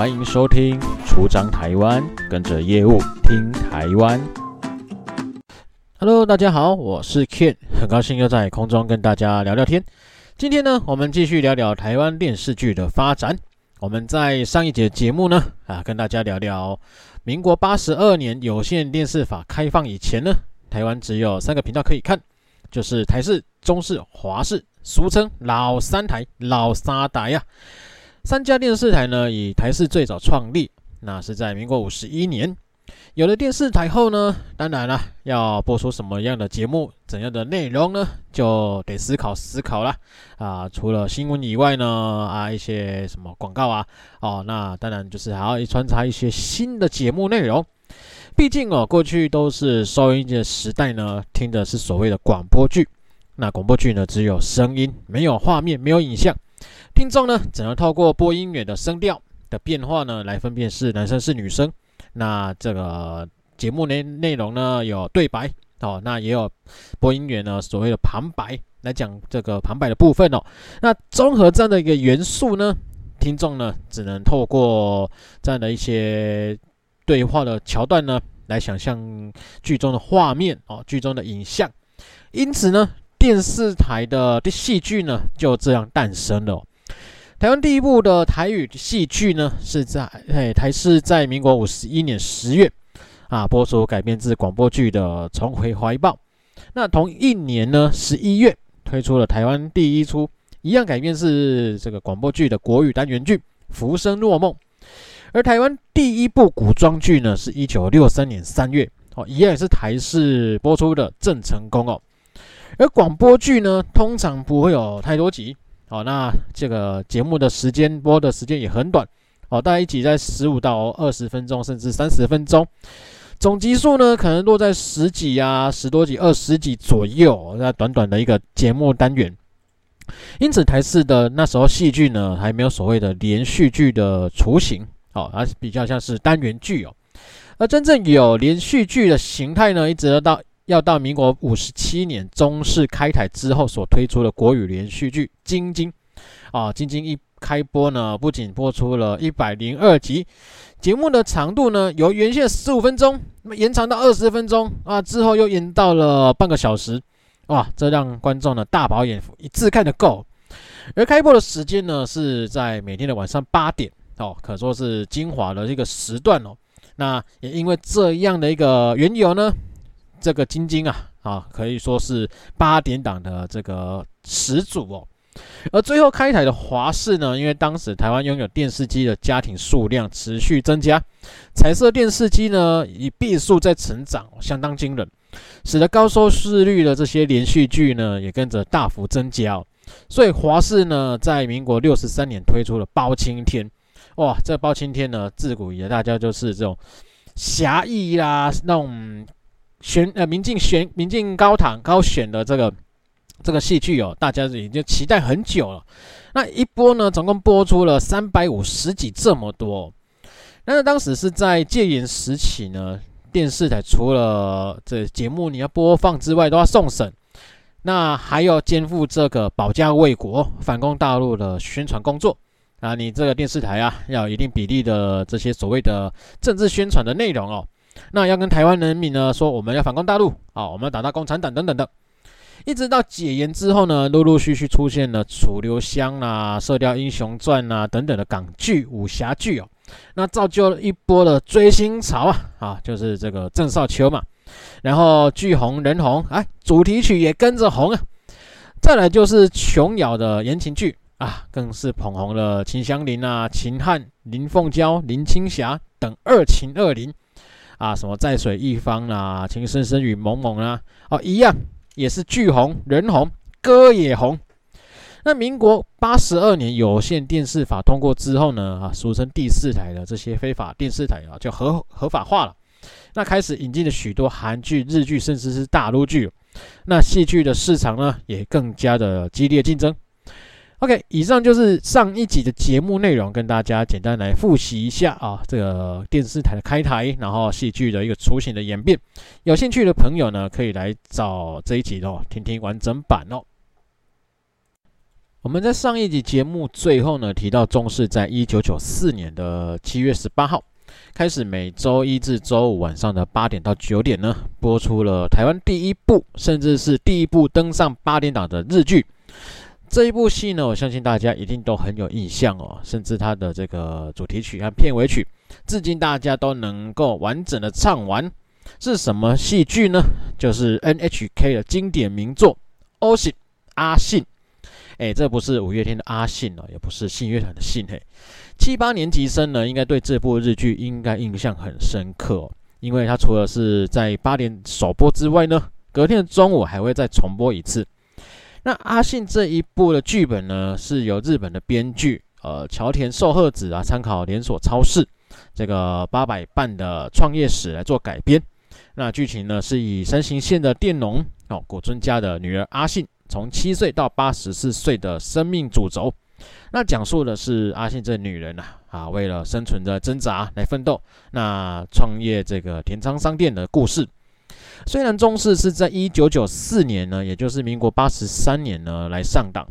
歡迎收聽《出張台灣》，跟着業務聽台灣。Hello，大家好，我是 Ken，很高興又在空中跟大家聊聊天。今天呢，我們繼續聊聊台灣電視劇的發展。我們在上一節節目呢，啊，跟大家聊聊民國八十二年有線電視法開放以前呢，台灣只有三個頻道可以看，就是台視、中視、華視，俗稱老三台、老三台呀、啊。三家電視台呢，以台視最早創立，那是在民國五十一年。有了電視台後呢，當然了、啊，要播出什麼樣的節目、怎樣的內容呢，就得思考思考啦。啊，除了新聞以外呢，啊，一些什麼廣告啊，哦，那當然就是還要穿插一些新的節目內容。畢竟哦，過去都是收音機的時代呢，聽的是所謂的廣播劇。那廣播劇呢，只有聲音，沒有畫面，沒有影像。聽眾呢，只能透過播音員的聲調的變化呢，來分辨是男生是女生。那這個節目內內容呢，有對白哦，那也有播音員呢，所謂的旁白來講這個旁白的部分哦。那綜合這樣的一個元素呢，聽眾呢，只能透過這樣的一些對話的橋段呢，來想象劇中的畫面哦，劇中的影像。因此呢，電視台的的戲劇呢，就這樣誕生了。台灣第一部的台語戲劇呢，是在哎、欸、台視在民國五十一年十月啊播出改編自廣播劇的《重回懷抱》。那同一年呢，十一月推出了台灣第一出一樣改編是這個廣播劇的國語單元劇《浮生若夢》。而台灣第一部古裝劇呢，是一九六三年三月哦，一樣也是台視播出的《鄭成功》哦。而廣播劇呢，通常不會有太多集。好，那這個節目的時間播的時間也很短，好，大概一起在十五到二十分鐘，甚至三十分鐘，總集數呢可能落在十幾啊，十多集、二十集左右，那短短的一個節目單元。因此，台視的那時候戲劇呢，還沒有所謂的連續劇的雛形，好，還是比較像是單元劇哦。而真正有連續劇的形態呢，一直到。要到民國五十七年中視開台之後所推出的國語連續劇《晶晶》，啊，《晶晶》一開播呢，不僅播出了一百零二集，節目呢長度呢由原先十五分鐘，延長到二十分鐘啊，之後又延到了半個小時，哇，這讓觀眾呢大飽眼福，一次看得夠。而開播的時間呢是在每天的晚上八點哦，可說是精華的一個時段哦。那也因為這樣的一個緣由呢。這個晶晶啊，啊，可以說是八點檔的這個始祖哦。而最後開台的華視呢，因為當時台灣擁有電視機的家庭數量持續增加，彩色電視機呢以倍數在成長，相當驚人，使得高收視率的這些連續劇呢也跟着大幅增加哦。所以華視呢，在民國六十三年推出了《包青天》。哇，這《包青天》呢，自古以來大家就是這種俠義啦，那種，選呃，民進選民進高堂高選的這個這個戲劇哦，大家已經期待很久了。那一波呢，總共播出了三百五十幾這麼多。那當時是在戒嚴時期呢，電視台除了這節目你要播放之外，都要送審。那還要肩負這個保家衛國、反攻大陸的宣傳工作啊！那你這個電視台啊，要有一定比例的這些所謂的政治宣傳的內容哦。那要跟台灣人民呢說，我們要反攻大陸啊，我們要打倒共產黨等等的，一直到解嚴之後呢，陸陸續續出現了楚留香啊、射鵰英雄傳啊等等的港劇武俠劇哦，那造就了一波的追星潮啊啊，就是這個鄭少秋嘛，然後劇紅人紅，哎，主題曲也跟着紅啊。再來就是瓊瑤的言情劇啊，更是捧紅了秦祥林啊、秦漢、林鳳嬌、林青霞等二秦二林。啊，什麼在水一方啊，情深深雨蒙蒙啊，哦、啊，一樣也是劇紅人紅歌也紅。那民國八十二年有線電視法通過之後呢，啊，俗稱第四台的這些非法電視台啊，就合合法化了。那開始引進了許多韓劇、日劇，甚至是大陸劇，那戲劇的市場呢，也更加的激烈競爭。OK，以上就是上一集的節目內容，跟大家簡單來複習一下啊。這個電視台的開台，然後戲劇的一個雛形的演變。有興趣的朋友呢，可以來找這一集哦，聽聽完整版哦。我們在上一集節目最後呢，提到中視在一九九四年的七月十八號開始，每周一至周五晚上的八點到九點呢，播出了台灣第一部，甚至是第一部登上八點檔的日劇，這一部戲呢，我相信大家一定都很有印象哦，甚至它的這個主題曲和片尾曲，至今大家都能夠完整的唱完。是什麼戲劇呢？就是 NHK 的經典名作 Oshin。阿信，誒、欸，這不是五月天的阿信哦，也不是信樂團的信嘿。七八年級生呢，應該對這部日劇應該印象很深刻，哦，因為它除了是在八點首播之外呢，隔天的中午還會再重播一次。那阿信這一部的劇本呢，是由日本的編劇呃橋田壽賀子啊參考連鎖超市這個八佰伴的創業史來做改編。那劇情呢是以山形縣的佃農哦谷村家的女兒阿信從七歲到八十四歲的生命主軸。那講述的是阿信這女人吶啊，啊為了生存的掙扎來奮鬥，那創業這個田倉商店的故事。雖然中視是在一九九四年呢，也就是民國八十三年呢來上檔，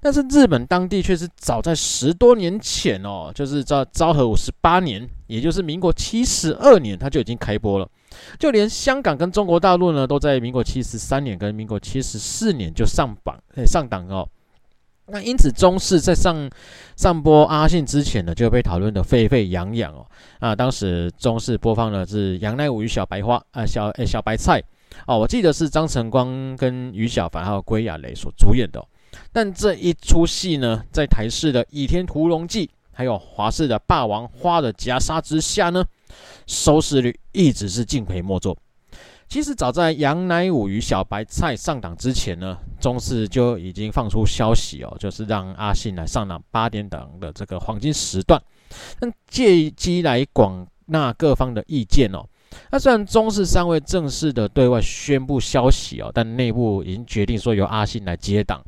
但是日本當地卻是早在十多年前哦，就是在昭和五十八年，也就是民國七十二年，它就已經開播了。就連香港跟中國大陸呢，都在民國七十三年跟民國七十四年就上榜，欸，上檔哦。那因此，中視在上上播阿信之前呢，就被討論的沸沸揚揚哦。啊，當時中視播放的是楊乃武與小白花啊，小誒、欸、小白菜哦，我記得是張晨光跟俞小凡還有歸亞蕾所主演的、哦。但這一出戲呢，在台視的《倚天屠龍記》還有華視的《霸王花的夾殺之下》呢，收視率一直是敬陪末座。其實早在楊乃武與小白菜上檔之前呢，中視就已經放出消息哦，就是讓阿信來上檔八點檔的這個黃金時段，那借機來廣納各方的意見哦。那雖然中視尚未正式的對外宣布消息哦，但內部已經決定說由阿信來接檔，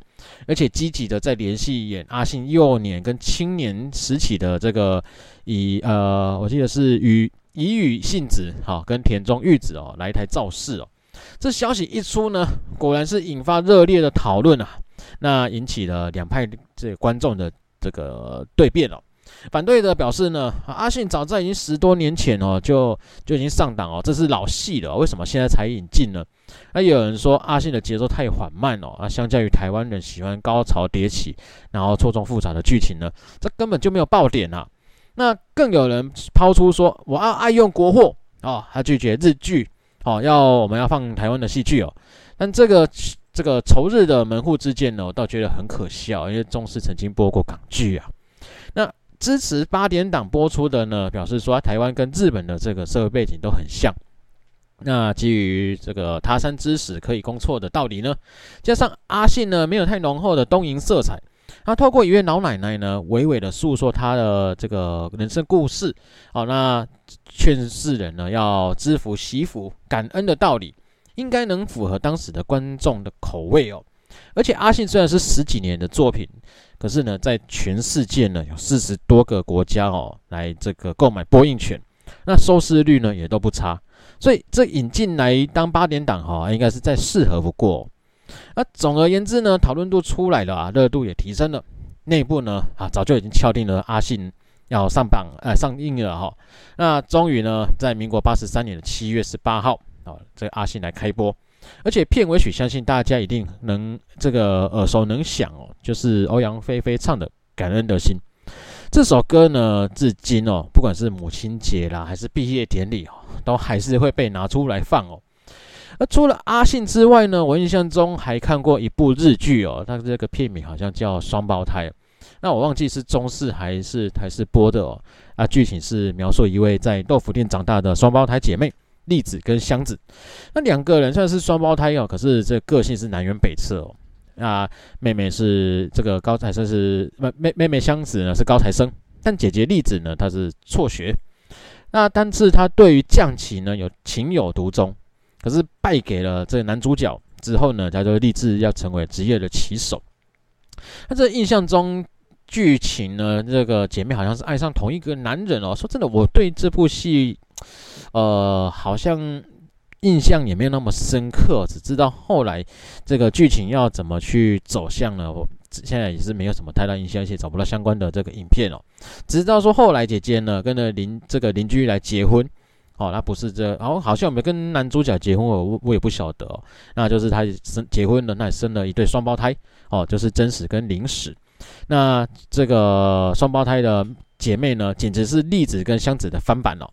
而且積極的在聯繫演阿信幼年跟青年時期的這個以呃，我記得是與。以羽信子好跟田中裕子哦來一台造勢哦，這消息一出呢，果然是引發熱烈的討論啊，那引起了兩派這些觀眾的這個對辯了、哦。反對的表示呢，阿、啊、信早在已經十多年前哦就就已經上檔哦，這是老戲了，為什麼現在才引進呢？那有人說阿信的節奏太緩慢了、哦，那、啊、相較於台灣人喜歡高潮迭起，然後錯綜複雜的劇情呢，這根本就沒有爆點啊。那更有人拋出說，我要愛用國貨哦，他拒絕日劇哦，要我們要放台灣的戲劇哦。但這個這個仇日的門戶之見呢，我倒覺得很可笑，因為中視曾經播過港劇啊。那支持八點檔播出的呢，表示說台灣跟日本的這個社會背景都很像。那基於這個他山之石可以攻錯的道理呢，加上阿信呢沒有太濃厚的東瀛色彩。那、啊、透過一位老奶奶呢，娓娓地訴說她的這個人生故事，好、哦，那勸世人呢要知福惜福、感恩的道理，應該能符合當時的觀眾的口味哦。而且阿信雖然是十幾年的作品，可是呢，在全世界呢有四十多個國家哦來這個購買播映權，那收視率呢也都不差，所以這引進來當八點檔哈、哦，應該是再適合不過、哦。那、啊、總而言之呢，討論度出來了啊，熱度也提升了。內部呢啊，早就已經敲定了阿信要上榜，呃、啊，上映了哈、哦。那終於呢，在民國八十三年的七月十八號啊，這個、阿信來開播。而且片尾曲相信大家一定能這個耳熟能詳哦，就是歐陽菲菲唱的《感恩的心》這首歌呢，至今哦，不管是母親節啦，還是畢業典禮哦，都還是會被拿出來放哦。那除了阿信之外呢，我印象中還看過一部日劇哦，它這個片名好像叫《雙胞胎》。那我忘記是中視還是還是播的哦。啊，劇情是描述一位在豆腐店長大的雙胞胎姐妹麗子跟香子。那兩個人算是雙胞胎哦，可是這個，個性是南轅北轍哦。那妹妹是這個高材生，是妹妹妹香子呢是高材生，但姐姐麗子呢她是輟學。那但是她對於將棋呢有情有獨鍾。可是敗給了這個男主角之後呢，他就立志要成為職業的棋手。那這印象中劇情呢，這個姐妹好像是愛上同一個男人哦。說真的，我對這部戲，呃，好像印象也沒有那麼深刻哦，只知道後來這個劇情要怎麼去走向呢。我現在也是沒有什麼太大印象，而且找不到相關的這個影片哦，只知道說後來姐姐呢跟着鄰這個鄰居來結婚。哦，他不是這個，哦，好像有沒有跟男主角結婚，我我也不曉得哦。那就是他生結婚了，那生了一對雙胞胎，哦，就是真實跟臨時。那這個雙胞胎的姐妹呢，簡直是栗子跟箱子的翻版哦。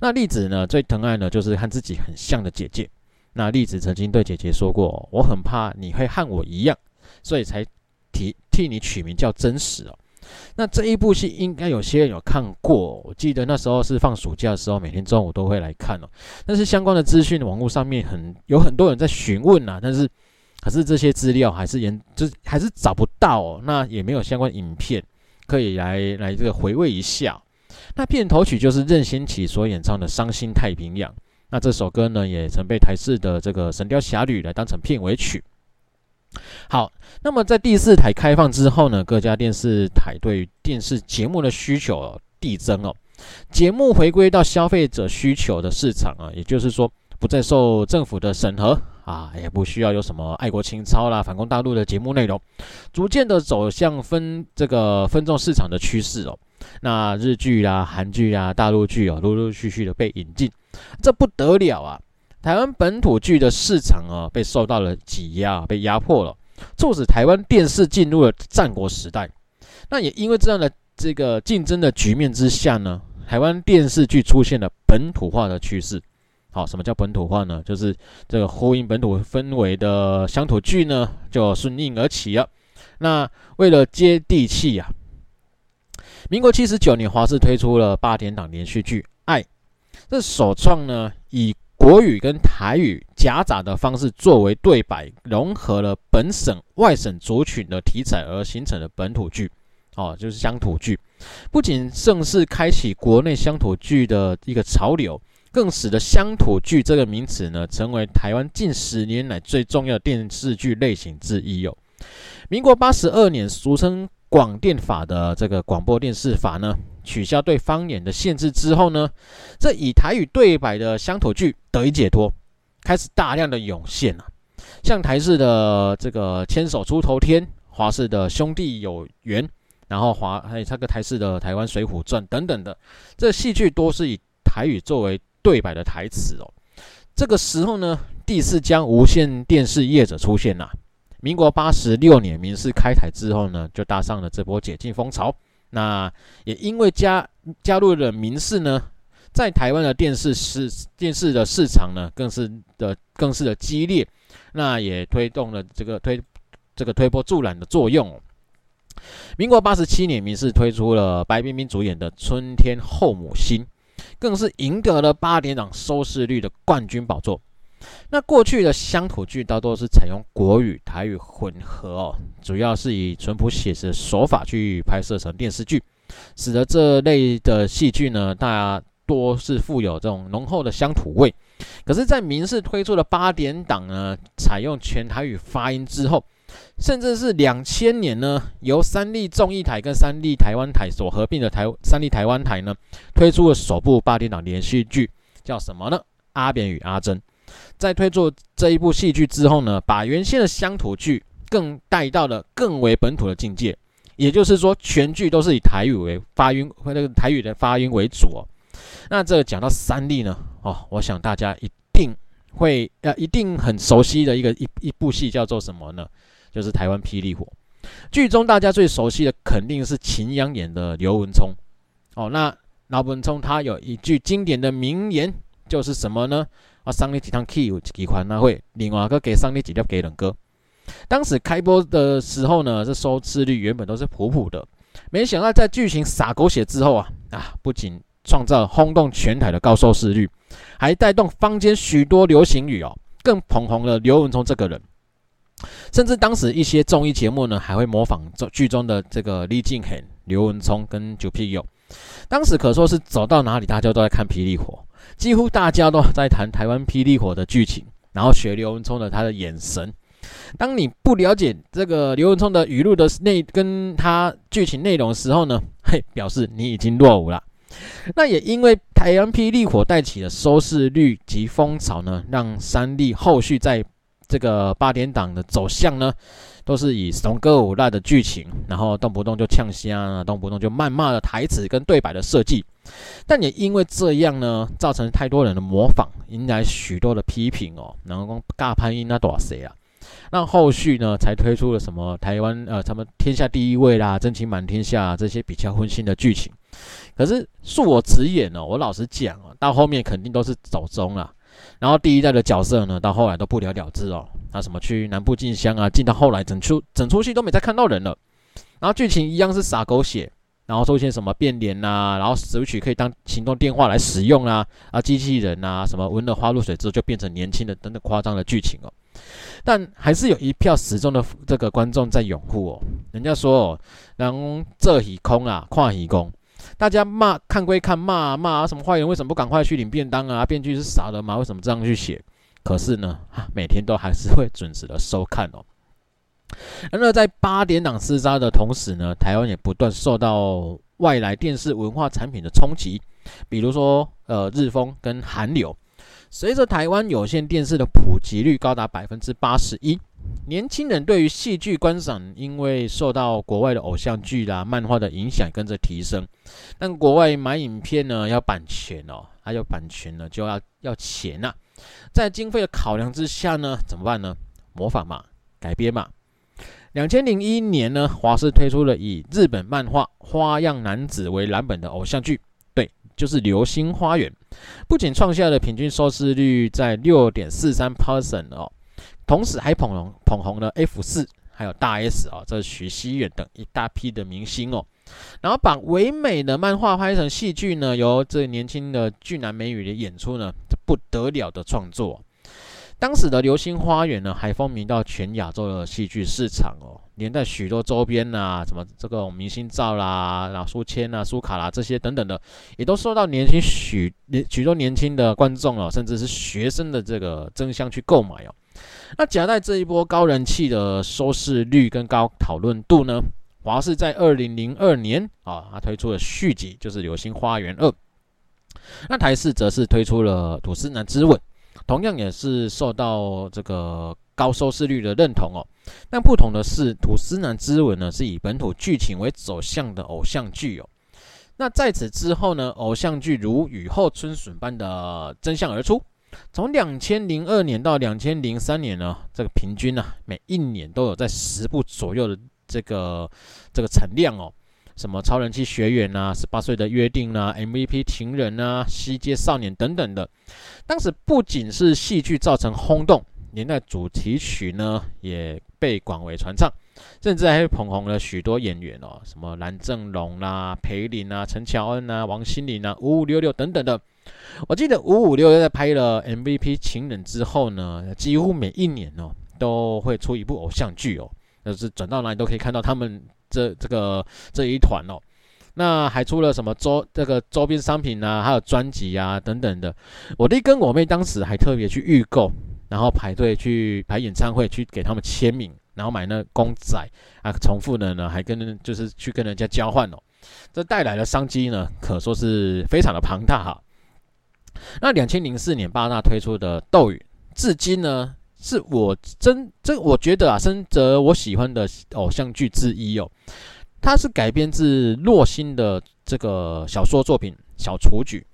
那栗子呢，最疼愛呢就是和自己很像的姐姐。那栗子曾經對姐姐說過，哦，我很怕你會和我一樣，所以才替替你取名叫真實哦。那這一部戲應該有些人有看過，我記得那時候是放暑假的時候，每天中午都會來看哦。但是相關的資訊網絡上面很有很多人在詢問啊，但是可是這些資料還是延就是還是找不到哦，那也沒有相關影片可以來來這個回味一下哦。那片頭曲就是任賢齊所演唱的《傷心太平洋》，那這首歌呢也曾被台視的這個《神雕俠侶》來當成片尾曲。好，那麼在第四台開放之後呢，各家電視台對於電視節目的需求、哦、遞增哦，節目回歸到消費者需求的市場啊，也就是說不再受政府的審核啊，也不需要有什麼愛國情操啦、反攻大陸的節目內容，逐漸的走向分這個分眾市場的趨勢哦。那日劇啦、啊、韓劇啊、大陸劇啊，陸陸續續的被引進，這不得了啊！台灣本土劇的市場啊，被受到了擠壓，被壓迫了，促使台灣電視進入了戰國時代。那也因為這樣的這個競爭的局面之下呢，台灣電視劇出現了本土化的趨勢。好、哦，什麼叫本土化呢？就是這個呼應本土氛圍的鄉土劇呢，就順應而起了。那為了接地氣呀、啊，民國七十九年，華視推出了八點檔連續劇《愛》，這首創呢，以國語跟台語夾雜的方式作為對白，融合了本省、外省族群的題材而形成的本土劇，哦，就是鄉土劇，不僅正式開啟國內鄉土劇的一個潮流，更使得鄉土劇這個名詞呢，成為台灣近十年來最重要的電視劇類型之一。有，民國八十二年，俗稱廣電法的這個廣播電視法呢。取消對方言的限制之後呢，這以台語對白的鄉土劇得以解脫，開始大量的湧現了、啊。像台視的這個《牽手出頭天》，華視的《兄弟有緣》，然後華還有那個台視的《台灣水滸傳》等等的，這戲劇多是以台語作為對白的台詞哦。這個時候呢，第四家無線電視業者出現了。民國八十六年，民視開台之後呢，就搭上了這波解禁風潮。那也因為加加入了民視呢，在台灣的電視市電視的市場呢，更是的更是的激烈，那也推動了這個推這個推波助瀾的作用。民國八十七年，民視推出了白冰冰主演的《春天後母心》，更是贏得了八點檔收視率的冠軍寶座。那過去的鄉土劇大多是採用國語、台語混合哦，主要是以淳樸寫實手法去拍攝成電視劇，使得這類的戲劇呢，大多是富有這種濃厚的鄉土味。可是，在民視推出的八點檔呢，採用全台語發音之後，甚至是兩千年呢，由三立綜藝台跟三立台灣台所合併的台，三立台灣台呢，推出了首部八點檔連續劇叫什麼呢？《阿扁與阿珍》。在推出這一部戲劇之後呢，把原先的鄉土劇更帶到了更為本土的境界，也就是說，全劇都是以台語為發音，和那個台語的發音為主哦。那這講到三立呢，哦，我想大家一定會呃、啊、一定很熟悉的一個一一部戲叫做什麼呢？就是台灣霹靂火。劇中大家最熟悉的肯定是秦陽演的劉文聰。哦，那老文聰他有一句經典的名言就是什麼呢？啊，送你一桶汽油、一根番仔火，那會另外再多送你一顆雞蛋糕。當時開播的時候呢，這收視率原本都是普普的，沒想到在劇情灑狗血之後啊、啊，不僅創造轟動全台的高收視率，還帶動坊間許多流行語哦，更捧紅了劉文聰這個人。甚至當時一些綜藝節目呢，還會模仿劇中的這個李靖海、劉文聰跟九皮友。當時可說是走到哪裡，大家都在看霹靂火。幾乎大家都在談台灣霹靂火的劇情，然後學劉文聰的他的眼神。當你不了解這個劉文聰的語錄的內跟他劇情內容的時候呢，嘿，表示你已經落伍了。那也因為台灣霹靂火帶起的收視率及風潮呢，讓三立後續在。這個八點檔的走向呢，都是以俗歌舞賴的劇情，然後動不動就嗆聲啊，動不動就謾罵的台詞跟對白的設計，但也因為這樣呢，造成太多人的模仿，引來許多的批評哦。然後尬潘音那多誰啊？那後續呢才推出了什麼台灣呃他們天下第一味啦，真情滿天下、啊、這些比較溫馨的劇情。可是恕我直言哦，我老實講哦，到後面肯定都是走鐘啦、啊，然後第一代的角色呢，到後來都不了了之哦。那、啊、什麼去南部進香啊，進到後來整出整出戲都沒再看到人了。然、啊、後劇情一樣是撒狗血，然後出現什麼變臉吶、啊，然後手取可以當行動電話來使用啊，啊機器人吶、啊，什麼聞了花露水之後就變成年輕的等等誇張的劇情哦。但還是有一票死忠的這個觀眾在擁護哦。人家說、哦，讓這一空啊，跨虛空。大家罵，看歸看，罵啊罵啊，什麼壞人為什麼不趕快去領便當啊？編劇是傻的嗎？為什麼這樣去寫？可是呢，每天都還是會準時的收看哦。那在八點檔廝殺的同時呢，臺灣也不斷受到外來電視文化產品的衝擊，比如說呃日風跟韓流。隨着臺灣有線電視的普及率高達百分之八十一。年輕人對於戲劇觀賞，因為受到國外的偶像劇啦、啊、漫畫的影響，跟着提升。但國外買影片呢，要版權哦，還、啊、有版權呢，就要要錢啊。在經費的考量之下呢，怎麼辦呢？模仿嘛，改編嘛。兩千零一年呢，華視推出了以日本漫畫《花樣男子》為藍本的偶像劇，對，就是《流星花園》，不僅創下了平均收視率在六點四三 percent 哦。同時，還捧紅捧紅了 F 四，還有大 S 啊、哦，這是徐熙媛等一大批的明星哦。然後把唯美的漫畫拍成戲劇呢，由這年輕的俊男美女的演出呢，這不得了的創作、哦。當時的《流星花園》呢，還風靡到全亞洲的戲劇市場哦。連帶許多周邊吶、啊，什麼這個明星照啦、然後書籤啊、書卡啦這些等等的，也都受到年輕許許多年輕的觀眾哦，甚至是學生的這個爭相去購買哦。那夾帶這一波高人氣的收視率跟高討論度呢，華視在二零零二年啊，它推出了續集，就是《流星花園二》。那台視則是推出了《吐司男之吻》，同樣也是受到這個高收視率的認同哦。但不同的是，《吐司男之吻》呢是以本土劇情為走向的偶像劇哦。那在此之後呢，偶像劇如雨後春筍般的爭相而出。從兩千零二年到兩千零三年呢、哦，這個平均呢、啊，每一年都有在十部左右的這個這個產量哦。什麼超人氣學員吶，十八歲的約定吶、啊、，MVP 情人吶、啊，西街少年等等的。當時不僅是戲劇造成轟動，年代主題曲呢也被廣為傳唱，甚至還捧紅了許多演員哦，什麼藍正龍啦、啊、裴琳啊、陳喬恩啊、王心凌啊、五五六六等等的。我記得五五六，在拍了 MVP 情人之後呢，幾乎每一年哦都會出一部偶像劇哦，就是轉到哪裡都可以看到他們這這個這一團哦。那還出了什麼周這個周邊商品啊，還有專輯啊等等的。我弟跟我妹當時還特別去預購，然後排隊去排演唱會去給他們簽名，然後買那公仔啊，重複的呢還跟就是去跟人家交換哦。這帶來的商機呢，可說是非常的龐大哈啊。那兩千零四年八大推出的《鬥魚》，至今呢是我真這我覺得啊，深得我喜歡的偶像劇之一哦。它是改編自洛心的這個小說作品《小雛菊》。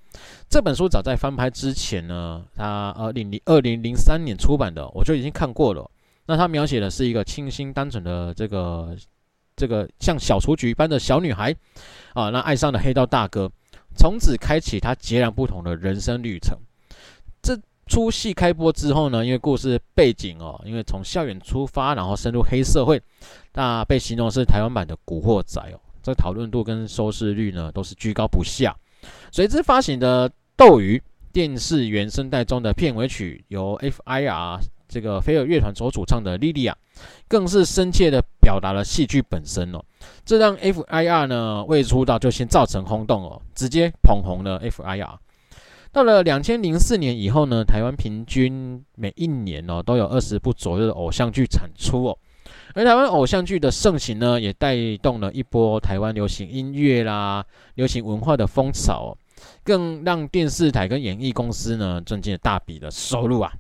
這本書早在翻拍之前呢，它呃二零零二零零三年出版的，我就已經看過了。那它描寫的是一個清新單純的這個這個像小雛菊般的小女孩，啊，那愛上了黑道大哥。從此開啟他截然不同的人生旅程。這出戲開播之後呢，因為故事背景哦，因為從校園出發，然後深入黑社會，那被形容是台灣版的《古惑仔》哦。這討論度跟收視率呢，都是居高不下。隨之發行的《鬥魚》電視原聲帶中的片尾曲由 FIR。這個飛兒樂團所主唱的莉莉亞，更是深切地表達了戲劇本身哦。這讓 FIR 呢未出道就先造成轟動哦，直接捧紅了 FIR。到了兩千零四年以後呢，台灣平均每一年哦都有二十部左右的偶像劇產出哦。而台灣偶像劇的盛行呢，也帶動了一波台灣流行音樂啦、流行文化的風潮，哦，更讓電視台跟演藝公司呢賺進了大筆的收入啊。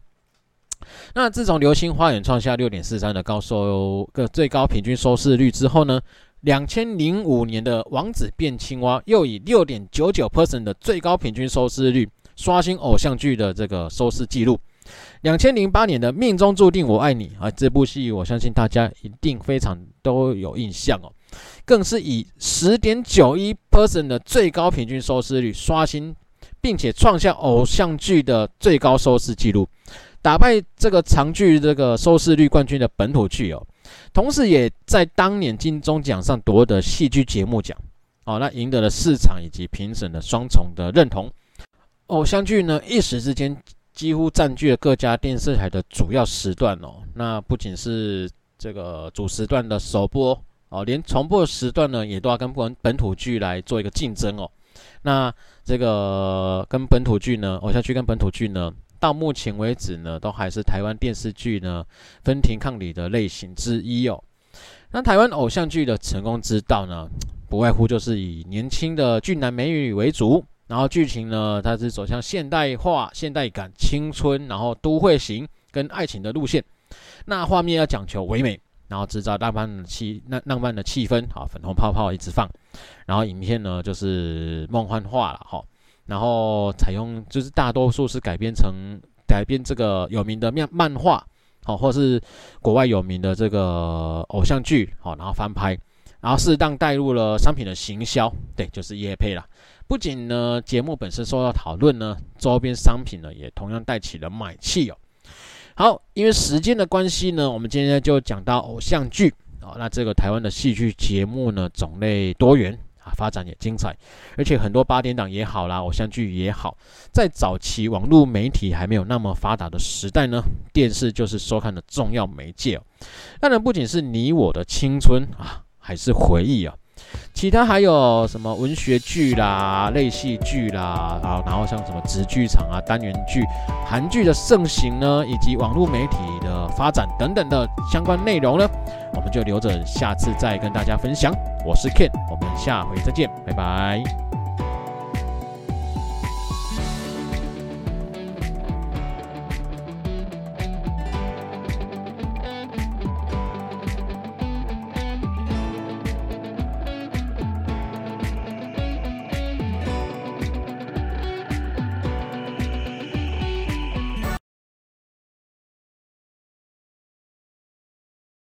那自從《流星花園》創下六點四三的高收個最高平均收視率之後呢？兩千零五年的《王子變青蛙》又以六點九九 percent 的最高平均收視率刷新偶像劇的這個收視記錄。兩千零八年的《命中注定我愛你》啊，這部戲我相信大家一定非常都有印象哦，更是以十點九一 percent 的最高平均收視率刷新，並且創下偶像劇的最高收視記錄。打敗這個長劇這個收視率冠軍的本土劇哦，同時也在當年金鐘獎上奪得戲劇節目獎哦，那贏得了市場以及評審的雙重的認同。偶像劇呢，一時之間幾乎占據了各家電視台的主要時段哦。那不僅是這個主時段的首播哦，連重播時段呢，也都要跟本本土劇來做一個競爭哦。那這個跟本土劇呢，偶像劇跟本土劇呢。到目前為止呢，都還是臺灣電視劇呢分庭抗禮的類型之一哦。那臺灣偶像劇的成功之道呢，不外乎就是以年輕的俊男美女為主，然後劇情呢，它是走向現代化、現代感、青春，然後都會型跟愛情的路線。那畫面要講求唯美，然後製造浪漫的氣、浪浪漫的氣氛，好，粉紅泡泡一直放，然後影片呢就是夢幻化了，哈。然後採用就是大多數是改編成改編這個有名的漫漫畫，好、哦，或是國外有名的這個偶像劇，好、哦，然後翻拍，然後適當帶入了商品的行銷，對，就是業配了。不僅呢，節目本身受到討論呢，周邊商品呢也同樣帶起了買氣哦。好，因為時間的關係呢，我們今天就講到偶像劇，好、哦，那這個台灣的戲劇節目呢種類多元。發展也精彩，而且很多八點檔也好啦，偶像劇也好，在早期網絡媒體還沒有那麼發達的時代呢，電視就是收看的重要媒介哦。當然，不僅是你我的青春啊，還是回憶啊。其他還有什麼文學劇啦、類戲劇啦啊，然後像什麼植劇場啊、單元劇、韓劇的盛行呢，以及網絡媒體的發展等等的相關內容呢，我們就留着下次再跟大家分享。我是 Ken，我們下回再見，拜拜。